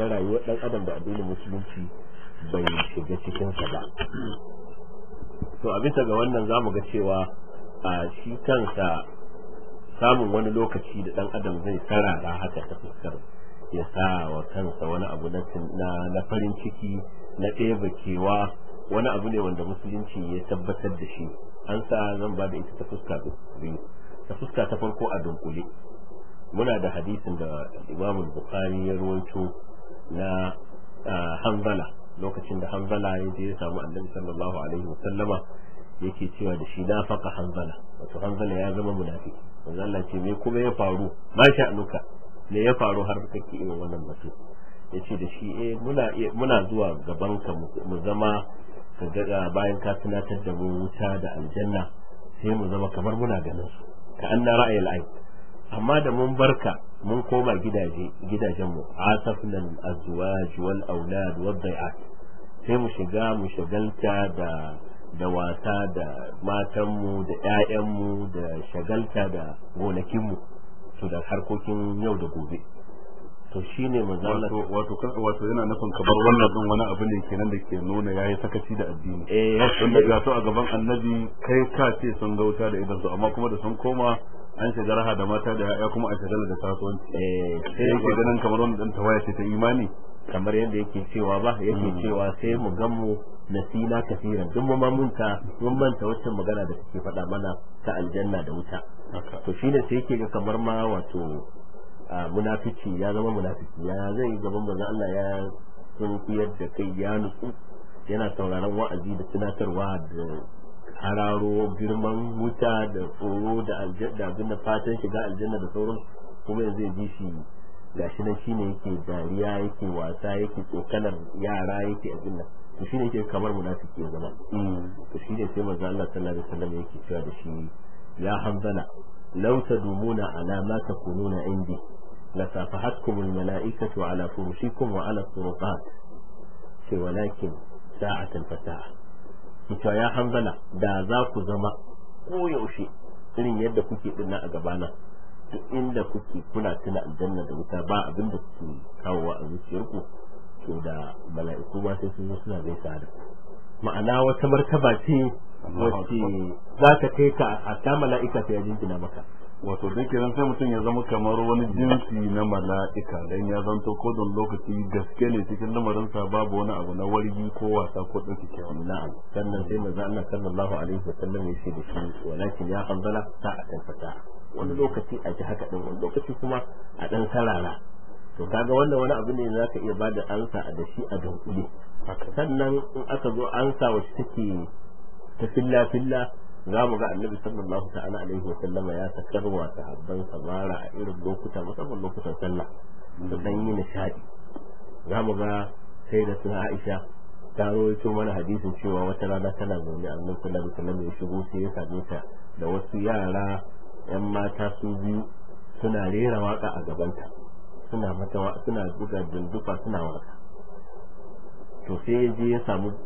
na rayuwar dan adam da addinin musulunci bai shiga cikin sa ba to a bisa ga wannan zamu ga cewa a shi kansa samun wani lokaci da dan adam zai da haka ta fuskar ya sa wa kansa wani abu na na farin ciki na ɗebe wani abu ne wanda musulunci ya tabbatar da shi an sa zan ba da ita ta fuska biyu ta fuska ta farko a dunkule muna da hadisin da imamun bukhari ya ruwanto na ah, hanzala lokacin da hanzala ya je ya samu annabi sallallahu alaihi wa sallama yake cewa da shi nafaka hanzala wato hanzala ya zama munafiki manzo Allah ce me kuma ya faru ma sha'anuka me ya faru har kake irin wannan batu yace da shi eh muna muna zuwa gaban ka mu zama ka ga ah, bayan ka tunatar da mu wuta da aljanna sai mu zama kamar muna ganin su ka anna ra'ayil ayy amma da mun barka mun koma gidaje gidajenmu asafna azwaj wal aulad wal dai'at sai mu shiga mu shagalta da da wasa da matanmu da ƴaƴanmu da shagalta da gonakinmu to da harkokin yau da gobe to shine manzon wato wato yana nufin kabar wannan din wani abu ne kenan da ke nuna yayi sakaci da addini eh wanda ga to a gaban annabi kai ka ce sun gauta da idan su amma kuma da sun koma an shiga raha da mata da ya kuma a shagala da kasuwanci eh, sai yake ganin kamar wani dan tawaya ce ta imani kamar yadda yake cewa ba yake hmm. cewa sai mu gan mu nasina kasiran duk mu mamunta mun manta wacce magana da take faɗa mana ta aljanna da wuta to shine sai ke ga kamar ma wato munafici ya zama munafici ya zai gaban manzon Allah ya sun da kai ya nutsu yana sauraron wa'azi da tunatarwa da hararo girman wuta da tsoro da aljanna abin fatan shiga aljanna da sauran kuma yanzu ya ji shi gashi nan shine yake dariya yake wasa yake tsokanar yara yake abin nan to shine yake kamar munafiki zama to shine sai manzo Allah sallallahu alaihi wasallam yake cewa da shi ya hamzana law tadumuna ala ma takununa indi ala furushikum wa ala وعلى الطرقات walakin sa'atan fata'a cewa ya hanzala da za ku zama koyaushe irin yadda kuke dinna a gabana duk inda kuke kuna tuna aljanna da wuta ba abin da kuke kawowa a zuciyarku to da mala'iku ba sai sun zo suna gaisa da ma'ana wata martaba ce wacce za ta kai ka a ta mala'ika ta ya jinjina maka wato da kenan sai mutum ya zama kamar wani jinsi na mala'ika dan ya zanto ko don lokaci gaske ne cikin lamarin sa babu wani abu na wargi ko wasa ko ɗauki kyawun na'am sannan sai manzo Allah sallallahu alaihi wa sallam ya ce da shi walakin ya hanzala sa'atan fata wani lokaci a ji haka din wani lokaci kuma a dan sarara to kaga wannan wani abu ne zaka iya bada ansa da shi a dunkule sannan in aka zo ansa wacce take ta filla filla za mu ga annabi sallallahu ta'ala alaihi wa sallama ya sakar ta sahabban sabara a irin lokuta musamman lokutan sallah da dan yi nishadi za mu ga sai da suna Aisha ta rawaito mana hadisin cewa wata rana tana zaune a nan kullum da wasallam ya shigo sai ya same ta da wasu yara yan mata su biyu suna rera waka a gabanta suna mata suna buga dindufa suna waka to sai ya je ya samu